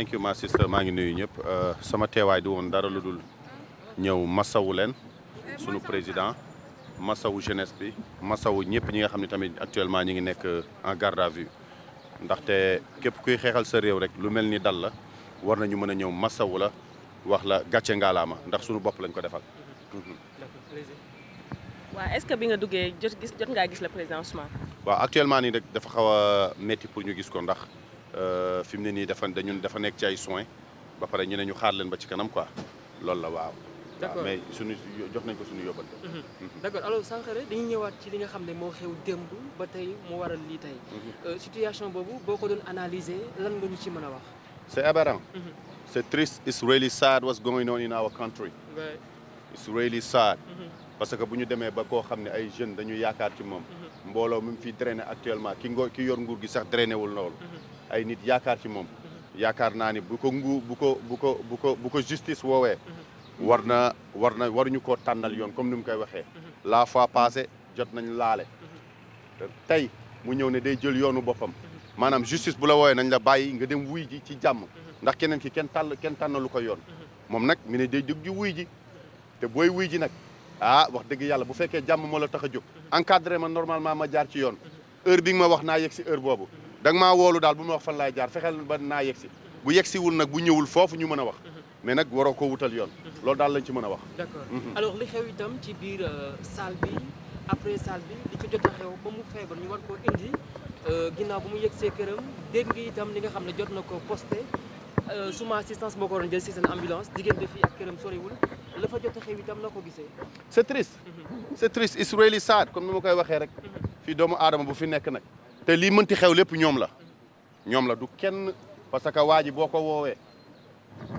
thank you ma sister maa ngi nuyu ñëpp euh, sama teewaay di woon dara lu dul ñëw masawu leen sunu président masawu jeunesse bi masawu ñëpp ñi nga xam ne tamit actuellement ñi ngi nekk euh, en garde à vue ndaxte képp kuy xeexal sa réew rek lu mel ni dal la war na ñu mën a ñëw masawu la wax la gàcce ngaalaama ndax sunu bopp lañ ko defal. Mhm. waaw est-ce que bi nga duggee jot ngaa gis le président Ousmane. actuellement nii rek dafa xaw a pour ñu gis ko ndax. Euh, fi mu ne nii dafa dañun dafa nekk ci ay soins ba pare ñu ne ñu xaar leen ba ci kanam quoi loolu la waaw. d' accord mais suñu jox nañ ko suñu yóbbante. Mhm. Mhm. d' accord alors Sankharé dañuy ñëwaat ci li nga xam ne moo xew démb ba tey mu waral lii tey. Mhm. Euh, situation boobu boo ko doon analyser lan nga ñu ci mën a wax. c' est aberrant. est triste it's really sad what's going on in our country. right. it's really parce que bu ñu demee ba koo xam ne ay jeunes dañu yaakaar ci moom. mbooloo mi mu fiy drainer actuellement ki ngoo ki yor nguur gi sax drainer wul loolu. ay nit yaakaar ci moom yaakaar naa ni bu ko ngu bu ko bu ko bu ko bu ko justice woowee war na war na waruñu koo tànnal yoon comme ni mu koy waxee la fois passée jot nañ laale tey mu ñëw ne day jël yoonu boppam maanaam justice bu la wooyee nañ la bàyyi nga dem wuy ji ci jàmm ndax keneen ki kenn tàll kenn tànnalu ko yoon moom nag mi ne day dugg ji wuy ji te booy wuy ji nag ah wax dëgg yàlla bu fekkee jàmm moo la tax a jóg encadré ma normalement ma jaar ci yoon heure bi ma wax naa yeg si heure boobu da nga woolu daal bu ma wax fan laay jaar fexeel ba naa yegsi bu yegsiwul nag bu ñëwul foofu ñu mën a wax mais nag waroo ko wutal yoon loolu daal lañ ci mën a wax d'accord mhm. alors li xew itam ci biir euh, salle bi après salle bi li ko jot a xew ba mu feebar ñu war koo indi euh, ginnaaw bu mu yegsee këram dégg nga itam li nga xam ne jot na ko posté euh, suma assistance boo ko waroon jël si seen ambulance diggante fii ak këram soriwul la fa jot a xew itam na ko gisee c'est triste mhm. c'est triste comme ni ma koy waxee rek mhm. fii doomu aadama bu fi nekk nag te lii mënti xew lépp ñoom la ñoom la du kenn parce que waa ji boo ko woowee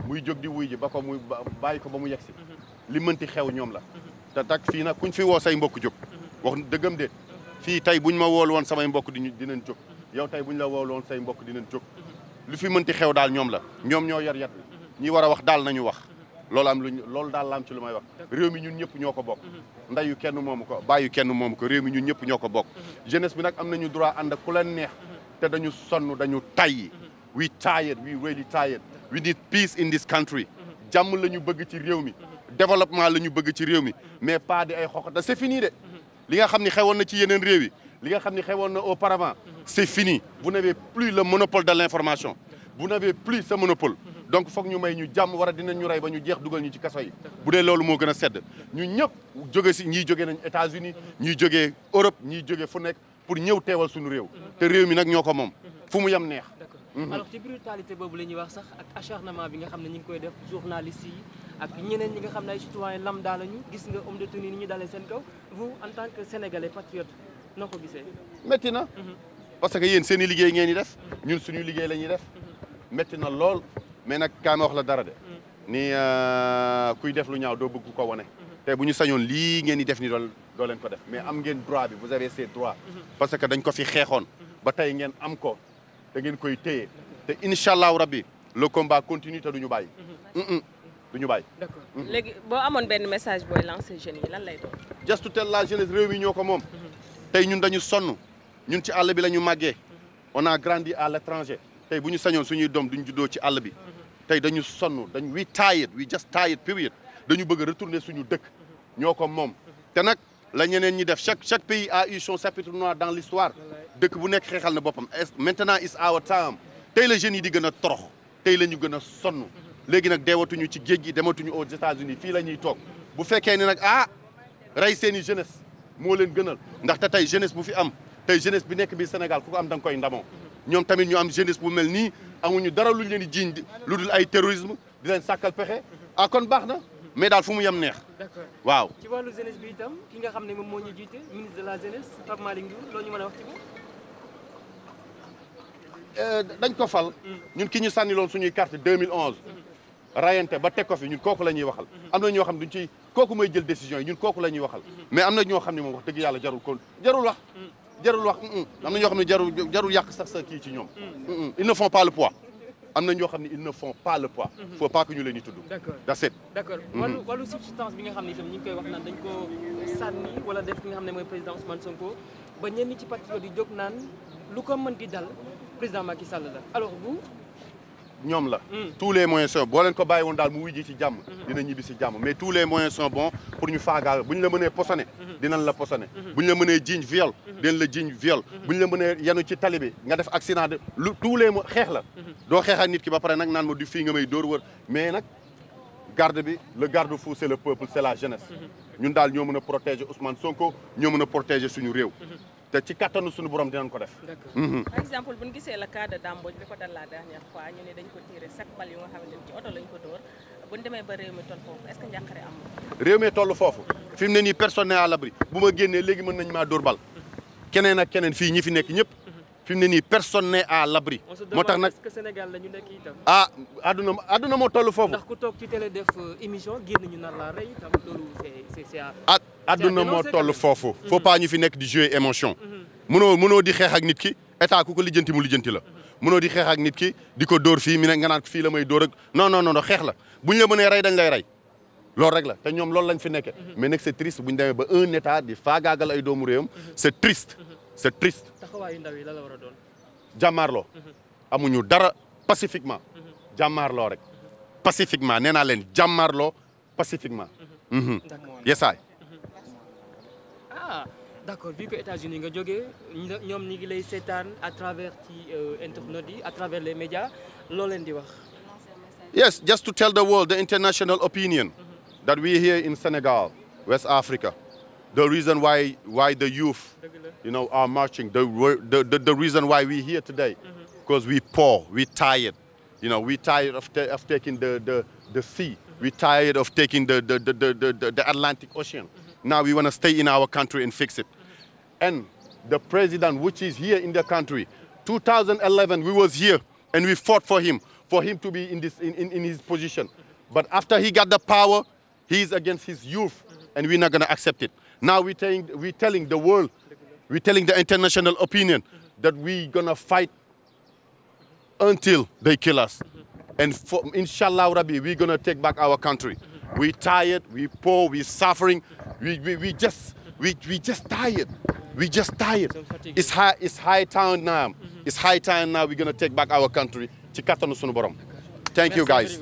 muy jóg di wuy ji ba ko muy bàyyi ko ba mu yegsi li mënti xew ñoom la te tak fii nag kuñ fi woo say mbokk jóg wax dëggam de fii tey buñ ma wool woon samay mbokk diñu dinañ jóg yow tey buñ la wool woon say mbokk dinañ jóg lu fi mënti xew daal ñoom la ñoom ñoo yor yat bi ñi war a wax daal nañu wax loolu am luñ loolu daal laam ci lu may wax réew mi ñun ñëpp ñoo ko bokk mhm. ndeyu kenn moom ko bàyyu kenn moom ko réew mi ñun ñëpp ñoo ko bokk mhm. jeunesse bi nag am nañu droit ànd ak ku leen neex mhm. te dañu sonn dañu tayyi we tired we really tired we need peace in this country jàmm la ñu bëgg ci réew mi développement la ñu bëgg ci réew mi mais pas di ay xoxata c'est fini de li nga xam ne xewoon na ci yeneen réew yi li nga xam ne xewoon na auparavant c'est fini vous n'avez plus le monopole de l'information vous n'avez plus ce monopole donc foog ñu may ñu jàmm war a ñu rey ba ñu jeex dugal ñu ci kaso yi bu dee loolu moo gën a sedd ñu ñëpp jóge si ñiy jógee nañ États-Unis ñiy jógee Europe ñiy jógee fu nekk pour ñëw teewal suñu réew te réew mi nag ñoo ko moom fu mu yem neex mhm. alors ci brutalité boobu la ñuy wax sax ak acharnement bi nga xam ne ñu ngi koy def journaliste yi ak ñeneen ñi nga xam ne ay lam daal lañu gis nga homme de tenue ni ñu dalee seen kaw vous en tant que sénégalais patriote noo ko gisee métti na mhm. parce que yéen seen i liggéey ngeen di def ñun suñu liggéey la ñuy def métti na lool mais nag kaa wax la dara de. Mm. ni euh, kuy def lu ñaaw doo bëgg ko wone mm-hmm. te bu ñu sañoon lii ngeen di def ni dool doo leen ko def mais am ngeen droit bi vous avez ces droits. Mm-hmm. parce que dañ ko fi xeexoon. Mm-hmm. ba tey ngeen am ko da ngeen koy téye te incha allahu rabbi le combat continue te du ñu bàyyi. du ñu bàyyi. d'accord léegi boo amoon benn message booy lancer jeunes yi lan lay doon. just tell la jeunesse réew mi ñoo ko moom. tey ñun dañu sonn ñun ci àll bi la ñu màggee. on a grandi à l'étranger. tey bu ñu sañoon suñuy doom duñu juddoo ci àll bi tey dañu sonn dañ we tired we just tired period dañu bëgg a retourner suñu dëkk ñoo ko moom te nag la ñeneen ñi def chaque chaque pays a eu son chapitre noir dans l'histoire dëkk bu nekk xeexal na boppam maintenant is our time tey la jeunes yi di gën a torox tey la ñu gën a sonn léegi nag deewatuñu ci géej gi dematuñu aux États-Unis fii la ñuy toog bu fekkee ne nag ah rey seeni jeunesse moo leen gënal ndaxte tey jeunesse bu fi am tey jeunesse bi nekk biir Sénégal ku am da nga koy ndamoo ñoom tamit ñu am jeunesse bu mel nii amuñu dara luñ leen di jiiñ lu dul ay terrorisme di leen sàkkal pexe ah kon baax na mais daal fu mu yem neex. d'accord waaw. ci wàllu jeunesse bi itam ki nga xam ne moom moo ñu jiite ministre de la jeunesse ñu mën a wax euh, dañ ko fal. Mm. ñun ki ñu sànni loon suñuy carte 2011. Mm. rayante ba teg ko fi ñun kooku la ñuy waxal. Mm-hmm. am na ñoo xam duñ ci kooku mooy jël décision ñun kooku la ñuy waxal. Mm-hmm. mais am na ñoo xam ne moom wax dëgg yàlla jarul kon jarul wax. Mm. jarul wax am na ñoo xam ne jarul jarul yàq sax sa kii ci ñoom. ils ne font pas le poids. am na ñoo xam ne ils ne font pas le poids. il mm-hmm. faut ñu leen di tudd. d' accord that's it. d' accord mm-hmm. wàllu wàllu substance bi nga xam ne itam ñu ngi koy wax naan dañ ko sànni wala def ki nga xam ne mooy président Ousmane Sonko ba ñenn ci parti di jóg naan lu ko mën di dal président Macky Sall la alors vous. ñoom la mm. tous les moyens sont boo leen ko bàyyi woon daal mu wuy ji ci jàmm mm-hmm. dina ñibbi si jàmm mais tous les moyens sont bons pour ñu faagaal bu ñu la mënee posone mm-hmm. dinañ la posone mm-hmm. bu ñu la mënee jiiñ viol dinañ la jiiñ viol bu ñu la mënee yenu ci tali bi nga def accident de lu tous les moyens xeex la doo xeex ak nit ki ba pare nag naan ma du fii nga may door wër mais nag garde bi le garde fou c'est le peuple c'est la jeunesse ñun daal ñoo mun a protéger Ousmane Sonko ñoo mën a protéger suñu réew te ci kattanu suñu borom dinañ ko def. Mhm. par exemple bu ñu gisee le cas de Dambodj bi ko dal la dernière fois ñu ne dañ ko tiré sax bal yu nga xamante ni ko dóor bu ñu demee ba réew mi toll foofu est-ce que réew mi toll foofu fi ne nii personne n'est l'abri bu ma génnee léegi mën nañ maa dóor bal keneen ak keneen fii ñi fi nekk ñëpp. fi mu ne nii personne n'est à l'abri. moo tax nag est-ce que Sénégal la ñu nekk itam. ah adduna moo toll foofu. ndax ku toog ci télé def euh, émission génn ñu nar laa àdduna moo toll foofu mm-hmm. faut pas ñu fi nekk di jouer émotion mënoo mm-hmm. mënoo di xeex ak nit ki état ku ko lijjanti mu lijjanti la mënoo mm-hmm. di xeex ak nit ki di ko dóor fii mi ne nga naan fii la may dóor ak non non non xeex la bu ñu la mënee rey dañ lay rey loolu rek la te ñoom loolu lañ fi nekke mais nag c'est triste bu ñu demee ba un état di faagaagal ay doomu réewam c'est triste c'est triste taxawaayu ndaw yi la war a doon jàmmaarloo amuñu dara pacifiquement jàmmaarloo rek pacifiquement nee naa leen jàmmaarloo pacifiquement yesaay ah d'accord vu que États-Unis nga jógee ñoom ñi ngi lay seetaan à travers ci euh, les médias loo leen di wax. yes just to tell the world the international opinion. Mm -hmm. that we here in Senegal West Africa. the reason why why the youth. you know are marching the the the, reason why we here today. because mhm. we poor we tired. we tired the sea. Mhm. we tired the Atlantic Ocean. Now we want to stay in our country and fix it. And the president, which is here in the country, 2011, we was here and we fought for him, for him to be in, this, in, in, in his position. But after he got the power, he's against his youth and we're not going to accept it. Now we're telling, we're telling the world, we're telling the international opinion that we're going to fight until they kill us. And for, inshallah, Rabbi, we're going to take back our country. we tired, we poor, we suffering, we, we, we just we, we just tired. We just tired. It's high it's high time now. Mm -hmm. It's high time now we're gonna take back our country. ci kattanu sunu borom. Thank you guys.